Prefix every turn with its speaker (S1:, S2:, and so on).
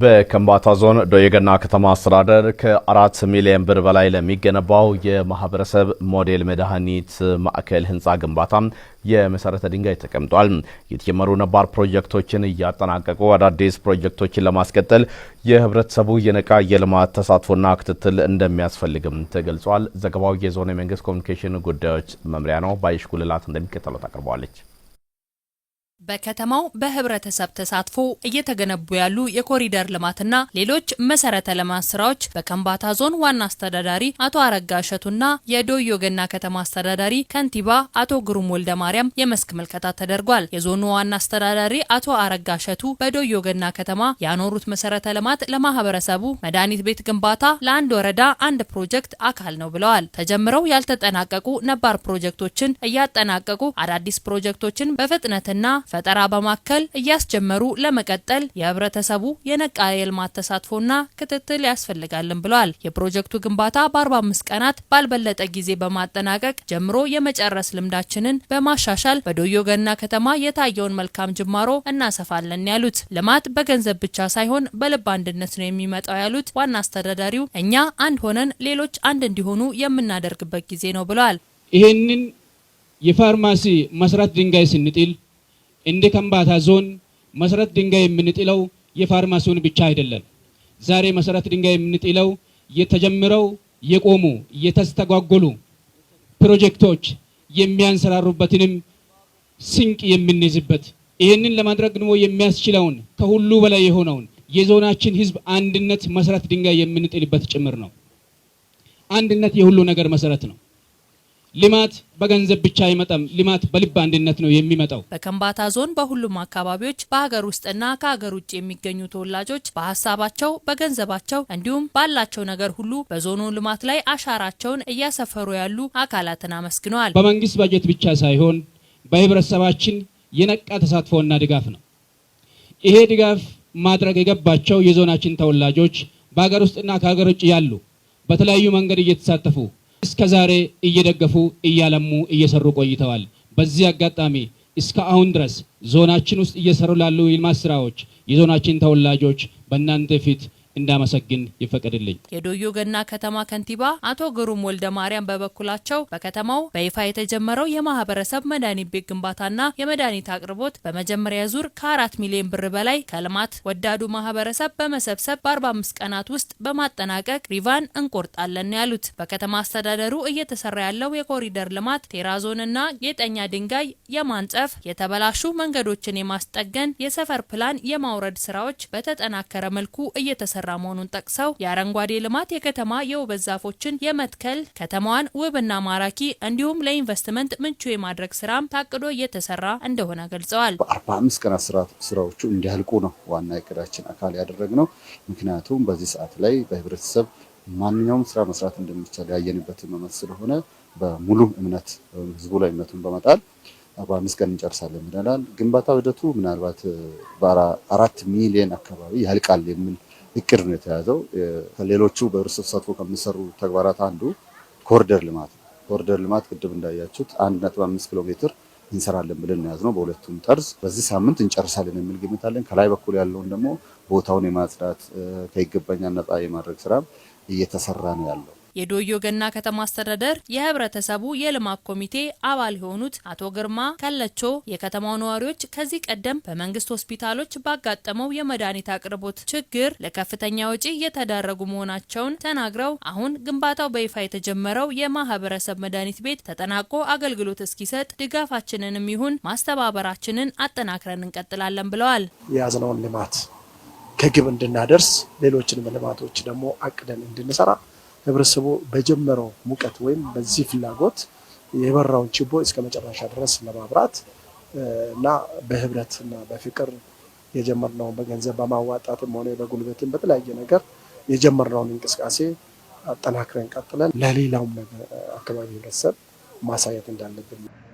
S1: በከምባታ ዞን ዶየገና ከተማ አስተዳደር ከአራት ሚሊዮን ብር በላይ ለሚገነባው የማህበረሰብ ሞዴል መድኃኒት ማዕከል ህንፃ ግንባታ የመሰረተ ድንጋይ ተቀምጧል። የተጀመሩ ነባር ፕሮጀክቶችን እያጠናቀቁ አዳዲስ ፕሮጀክቶችን ለማስቀጠል የህብረተሰቡ የነቃ የልማት ተሳትፎና ክትትል እንደሚያስፈልግም ተገልጿል። ዘገባው የዞን የመንግስት ኮሚኒኬሽን ጉዳዮች መምሪያ ነው። ባይሽ ጉልላት እንደሚከተለው ታቀርበዋለች።
S2: በከተማው በህብረተሰብ ተሳትፎ እየተገነቡ ያሉ የኮሪደር ልማትና ሌሎች መሰረተ ልማት ስራዎች በከምባታ ዞን ዋና አስተዳዳሪ አቶ አረጋ እሸቱና የዶዮ ገና ከተማ አስተዳዳሪ ከንቲባ አቶ ግሩም ወልደ ማርያም የመስክ ምልከታ ተደርጓል። የዞኑ ዋና አስተዳዳሪ አቶ አረጋ እሸቱ በዶዮ ገና ከተማ ያኖሩት መሰረተ ልማት ለማህበረሰቡ መድኃኒት ቤት ግንባታ ለአንድ ወረዳ አንድ ፕሮጀክት አካል ነው ብለዋል። ተጀምረው ያልተጠናቀቁ ነባር ፕሮጀክቶችን እያጠናቀቁ አዳዲስ ፕሮጀክቶችን በፍጥነትና ፈጠራ በማከል እያስጀመሩ ለመቀጠል የህብረተሰቡ የነቃ የልማት ተሳትፎና ክትትል ያስፈልጋልን ብለዋል። የፕሮጀክቱ ግንባታ በ45 ቀናት ባልበለጠ ጊዜ በማጠናቀቅ ጀምሮ የመጨረስ ልምዳችንን በማሻሻል በዶዮ ገና ከተማ የታየውን መልካም ጅማሮ እናሰፋለን ያሉት ልማት በገንዘብ ብቻ ሳይሆን በልብ አንድነት ነው የሚመጣው ያሉት ዋና አስተዳዳሪው እኛ አንድ ሆነን ሌሎች አንድ እንዲሆኑ የምናደርግበት ጊዜ ነው ብለዋል።
S3: ይሄንን የፋርማሲ መስራት ድንጋይ ስንጥል እንደ ከምባታ ዞን መሰረት ድንጋይ የምንጥለው የፋርማሲውን ብቻ አይደለም። ዛሬ መሰረት ድንጋይ የምንጥለው የተጀምረው የቆሙ የተስተጓጎሉ ፕሮጀክቶች የሚያንሰራሩበትንም ስንቅ የምንይዝበት ይህንን ለማድረግ ደግሞ የሚያስችለውን ከሁሉ በላይ የሆነውን የዞናችን ህዝብ አንድነት መሰረት ድንጋይ የምንጥልበት ጭምር ነው። አንድነት የሁሉ ነገር መሰረት ነው። ልማት በገንዘብ ብቻ አይመጣም። ልማት በልብ አንድነት ነው የሚመጣው።
S2: በከምባታ ዞን በሁሉም አካባቢዎች በሀገር ውስጥና ከሀገር ውጭ የሚገኙ ተወላጆች በሀሳባቸው፣ በገንዘባቸው እንዲሁም ባላቸው ነገር ሁሉ በዞኑ ልማት ላይ አሻራቸውን እያሰፈሩ ያሉ አካላትን አመስግነዋል።
S3: በመንግስት በጀት ብቻ ሳይሆን በህብረተሰባችን የነቃ ተሳትፎና ድጋፍ ነው። ይሄ ድጋፍ ማድረግ የገባቸው የዞናችን ተወላጆች በሀገር ውስጥና ከሀገር ውጭ ያሉ በተለያዩ መንገድ እየተሳተፉ እስከ ዛሬ እየደገፉ እያለሙ እየሰሩ ቆይተዋል። በዚህ አጋጣሚ እስከ አሁን ድረስ ዞናችን ውስጥ እየሰሩ ላሉ የልማት ስራዎች የዞናችን ተወላጆች በእናንተ ፊት እንዳመሰግን ይፈቀድልኝ።
S2: የዶዮ ገና ከተማ ከንቲባ አቶ ግሩም ወልደ ማርያም በበኩላቸው በከተማው በይፋ የተጀመረው የማህበረሰብ መድኃኒት ቤት ግንባታና የመድኃኒት አቅርቦት በመጀመሪያ ዙር ከአራት ሚሊዮን ብር በላይ ከልማት ወዳዱ ማህበረሰብ በመሰብሰብ በ45 ቀናት ውስጥ በማጠናቀቅ ሪቫን እንቆርጣለን ያሉት በከተማ አስተዳደሩ እየተሰራ ያለው የኮሪደር ልማት ቴራዞንና ጌጠኛ ድንጋይ የማንጸፍ የተበላሹ መንገዶችን የማስጠገን የሰፈር ፕላን የማውረድ ስራዎች በተጠናከረ መልኩ እየተሰራ እየተሰራ መሆኑን ጠቅሰው የአረንጓዴ ልማት የከተማ የውበት ዛፎችን የመትከል ከተማዋን ውብና ማራኪ እንዲሁም ለኢንቨስትመንት ምቹ የማድረግ ስራም ታቅዶ እየተሰራ እንደሆነ ገልጸዋል።
S4: በአርባ አምስት ቀናት ስራዎቹ እንዲያልቁ ነው ዋና የቅዳችን አካል ያደረግነው። ምክንያቱም በዚህ ሰዓት ላይ በህብረተሰብ ማንኛውም ስራ መስራት እንደሚቻል ያየንበት መመት ስለሆነ በሙሉ እምነት ህዝቡ ላይ እምነቱን በመጣል በአምስት ቀን እንጨርሳለን ብለናል። ግንባታ ሂደቱ ምናልባት በአራት ሚሊዮን አካባቢ ያልቃል የሚል እቅድ ነው የተያዘው። ከሌሎቹ በህብረተሰብ ተሳትፎ ከሚሰሩ ተግባራት አንዱ ኮሪደር ልማት ነው። ኮሪደር ልማት ቅድም እንዳያችሁት አንድ ነጥብ አምስት ኪሎ ሜትር እንሰራለን ብለን የያዝነው በሁለቱም ጠርዝ በዚህ ሳምንት እንጨርሳለን የሚል ግምት አለን። ከላይ በኩል ያለውን ደግሞ ቦታውን የማጽዳት ከይገባኛል ነፃ የማድረግ ስራ እየተሰራ ነው ያለው።
S2: የዶዮ ገና ከተማ አስተዳደር የህብረተሰቡ የልማት ኮሚቴ አባል የሆኑት አቶ ግርማ ከለቾ የከተማው ነዋሪዎች ከዚህ ቀደም በመንግስት ሆስፒታሎች ባጋጠመው የመድኃኒት አቅርቦት ችግር ለከፍተኛ ወጪ የተዳረጉ መሆናቸውን ተናግረው አሁን ግንባታው በይፋ የተጀመረው የማህበረሰብ መድኃኒት ቤት ተጠናቆ አገልግሎት እስኪሰጥ ድጋፋችንንም ይሁን ማስተባበራችንን አጠናክረን እንቀጥላለን ብለዋል።
S3: የያዝነውን ልማት ከግብ እንድናደርስ ሌሎችንም ልማቶች ደግሞ አቅደን እንድንሰራ ህብረተሰቡ በጀመረው ሙቀት ወይም በዚህ ፍላጎት የበራውን ችቦ እስከ መጨረሻ ድረስ ለማብራት እና በህብረት እና በፍቅር የጀመርነውን በገንዘብ በማዋጣትም ሆነ በጉልበትም በተለያየ ነገር የጀመርነውን እንቅስቃሴ አጠናክረን ቀጥለን ለሌላውም አካባቢ ህብረተሰብ ማሳየት እንዳለብን